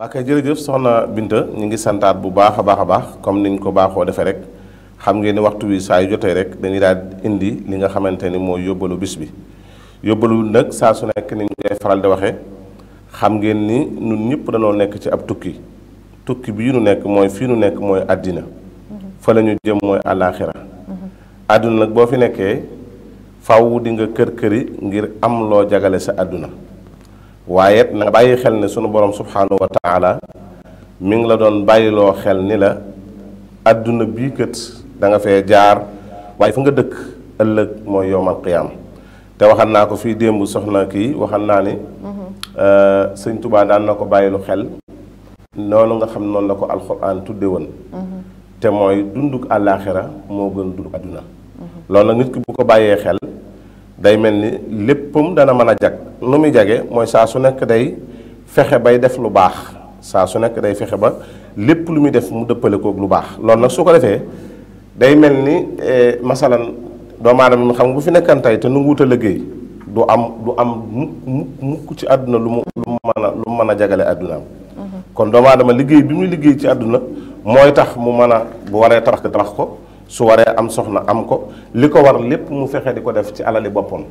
waa kay jërëjëf soxna Binta ñu ngi santaat bu baax a baax a baax comme niñ ko baaxoo defee rek xam ngeen ni waxtu wi saa yu jotee rek dañuy daal indi li nga xamante ni mooy yóbbalu bis bi yóbbalu nag saa su nekk niñ koy faral di waxee xam ngeen ni ñun ñëpp dañoo nekk ci ab tukki tukki bii nu nekk mooy fii nu nekk mooy àddina fa la ñu jëm mooy àllaaxira àdduna nag boo fi nekkee faw di nga kër këri ngir am loo jagale sa àdduna waaye it na bàyyi xel ne suñu borom subhanahu wa taala mi ngi la doon bàyyiloo xel ni la àdduna bii kët danga nga fee jaar waaye fa nga dëkk ëllëg mooy yowmal qiyaam te waxan naa ko fii démb soxna kii waxan naa ni mhm. euh, sëñ Tuubaa daan na ko bàyyilu xel noonu nga xam noonu la ko alxuraan tudde woon mhm. te mooy dunduk àllaaxira moo gën dunduk àdduna mhm. loolu nag nit ki bu ko bàyyee xel day mel ni léppam dana mën a jag nu muy jage mooy saa su nekk day fexe bay def lu baax saa su nekk day fexe ba lépp lu muy def mu dëppale kook lu baax loolu nag su ko defee day mel ni eh, masalan doomu aadama mi xam nga bu fi nekkan tey te nu ngi wut liggéey du am du am mu mu mukk ci àdduna lu mu lu mu a lu mu mën a jagale àddunaam mm-hmm. kon doomu liggéey bi muy liggéey ci àdduna mooy tax mu mën a bu waree tabax tabax ko su waree am soxna am ko li ko war lépp mu fexe di ko def ci alali boppam.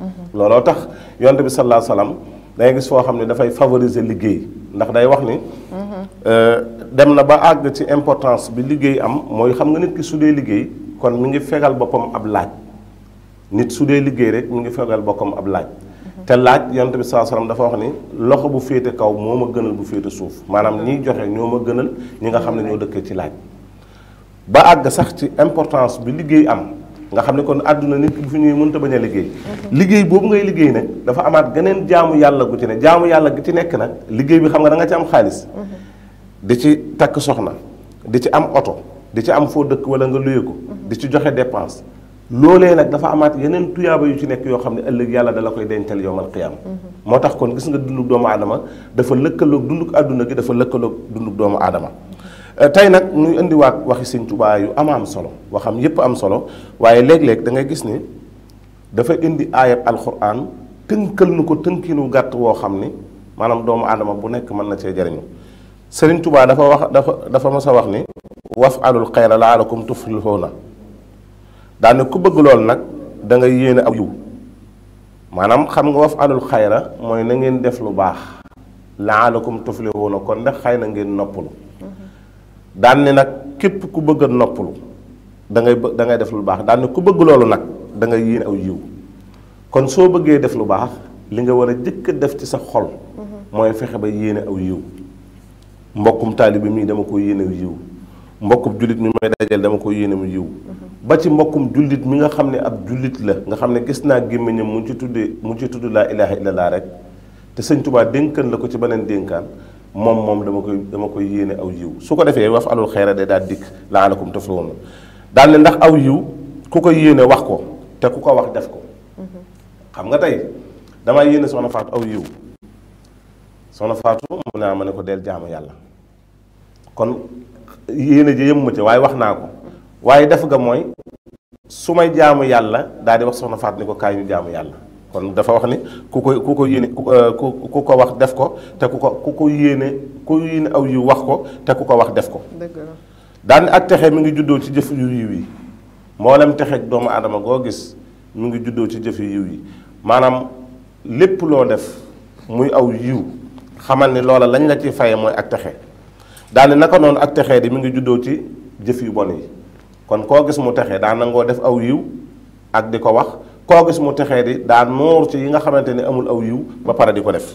Mm-hmm. looloo tax yonent bi sallallahu alayhi wasallam day xam ne dafay favoriser liggéey ndax day wax ni. Mm-hmm. Euh, dem na ba àgg ci importance bi liggéey am mooy xam nga nit su dee liggéey kon mi ngi fegal boppam ab laaj nit su dee liggéey rek mi ngi fegal boppam ab laaj. Mm-hmm. te laaj yonent bi sallallahu alayhi dafa wax ni loxo bu féete kaw moo ma gënal bu féete suuf maanaam ñiy joxe ñoo ma gënal ñi nga xam ne ñoo dëkkee ci laaj. ba àgg sax ci importance bi liggéey am nga xam ne kon àdduna nit bu fi ñuy mënta bañ liggéey liggéey boobu ngay liggéey nag dafa amaat geneen jaamu yàlla gu ci ne jaamu yàlla gu ci nekk nag liggéey bi xam nga danga nga ci am xaalis di ci takk soxna di ci am oto di ci am foo dëkk wala nga luye ko di ci joxe dépense loolee nag dafa amaat yeneen tuyaaba yu ci nekk yoo xam ne ëllëg yàlla dala koy dencal yowmal qiyaam moo tax kon gis nga dundug doomu aadama dafa lëkkaloog dundug àdduna gi dafa lëkkaloog dundug doomu aadama Euh, tey nag nuy indiwaat waxi Sëñ Tuubaa yu amaa am solo waxam yépp am solo waaye léeg-léeg da ngay gis ni dafa indi aayab alxuraan tënkal nu ko tënkinu gàtt woo xam ni maanaam doomu aadama bu nekk mën na cee jariñu Sëriñ Tuubaa dafa wax dafa dafa mas a wax ni waf alul xayra laalakum tuflihuuna daane ku bëgg lool nag dangay ngay yéene aw yiw maanaam xam nga waf alul xayra mooy na ngeen def lu baax laalakum tuflihuuna kon ndax xëy na ngeen noppalu daan ne nag képp ku bëgg a noppalu da ngay da ngay def lu baax daan ne ku bëgg loolu nag dangay ngay yéene aw yiw kon soo bëggee def lu baax li nga war a jëkk def ci sa xol mooy fexe ba yéene aw yiw mbokkum taalibe mii dama ko yéene aw yiw mbokkum jullit mi may dajal dama ko yéene aw yiw ba ci mbokkum jullit mi nga xam ne ab jullit la nga xam ne gis naa gémmiñam mu ci tuddee mu ci tudd laa ilaaha illallah rek te sëñ Tuubaa dénkaan la ko ci beneen dénkaan moom moom dama koy dama koy yéene aw yiw su ko defee waf alul xayra day daal dikk laalakum tuflihun daal ne ndax aw yiw ku ko yéene wax ko te ku ko wax def ko xam nga tey damaa yéene soxna Faatu aw yiw soxna Faatu mu naa ma ne ko del jaamu yàlla kon yéene ji yëmuma ca waaye wax naa ko waaye def nga mooy su may jaamu yàlla daal di wax soxna Faatu ni ko kaay ñu jaamu yàlla kon dafa wax ni ku ko ku ko yéene euh, ku ko wax def ko te ku ko ku ko yéene ku yéene aw yu wax ko te ku ko wax def ko daan ak texe mi ngi juddoo ci jëf yu yiw yi texe doomu aadama goo gis mu ngi juddoo ci jëf yu yiw yi maanaam lépp loo def muy aw yiw xamal ni loola lañ la ci faye mooy ak texe daani naka noonu ak texee di mu ngi juddoo ci jëf yu bon yi kon koo gis mu texe daa nangoo def aw yiw ak di ko wax koo gis mu texee di daan noor ci yi nga xamante ni amul aw yiw ba pare di ko def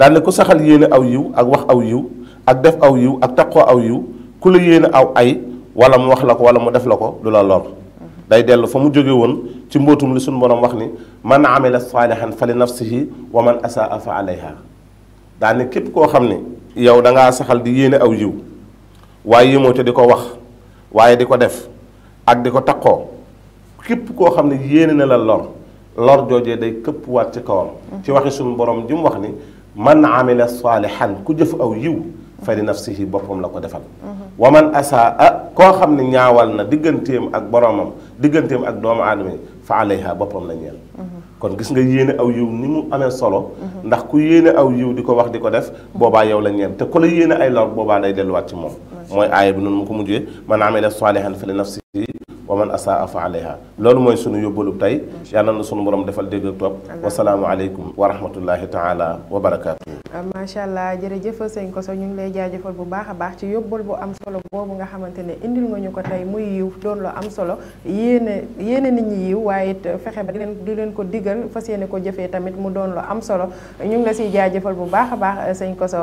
daan ne ku saxal yéene aw yiw ak wax aw yiw ak def aw yiw ak taqoo aw yiw ku la yéene aw ay wala mu wax la ko wala mu def la ko du la lor day dellu fa mu jóge woon ci mbootum li suñu borom wax ni man amila saalihan fa li nafsihi wa man asaa fa alayha daan ne képp koo xam ne yow da ngaa saxal di yéene aw yiw waaye moo ca di ko wax waaye di ko def ak di ko taqoo képp koo xam ne yéene na la lor lor joojee day këpp waat ci kawam mm-hmm. ci waxi suñu boroom ji mu wax ni man na amila saalihan ku jëf aw yiw fa li nafsihi boppam la ko defal mm-hmm. wa man asaa koo xam ne ñaawal na digganteem ak boromam digganteem ak doomu aadama yi fa alayha boppam la ñeel mm-hmm. kon gis nga yéene aw yiw ni mu amee solo ndax ku yéene aw yiw di ko wax di ko def boobaa yow la ñeel te ku la yéene ay lor boobaa day delluwaat ci moom mooy aaya bi noonu mu ko mujjee man amila saalihan fa li nafsihi wa man asaa fa alayha loolu mooy sunu yóbbalu tey yal na sunu borom defal dégg ak topp wasalaamualeykum wa rahmatullahi taala wa barakaatu. Ah, macha allah jërëjëf sëñ Koso ñu ngi lay jaajëfal bu baax a baax ci yóbbal bu am solo boobu nga xamante ne indil nga ñu ko tey muy yiw doon lu am solo yéene yéene nit ñi yiw waaye it fexe ba di leen di leen ko diggal fas yéene ko jëfee tamit mu doon lu am solo ñu ngi la siy jaajëfal bu baax a baax sëñ Koso.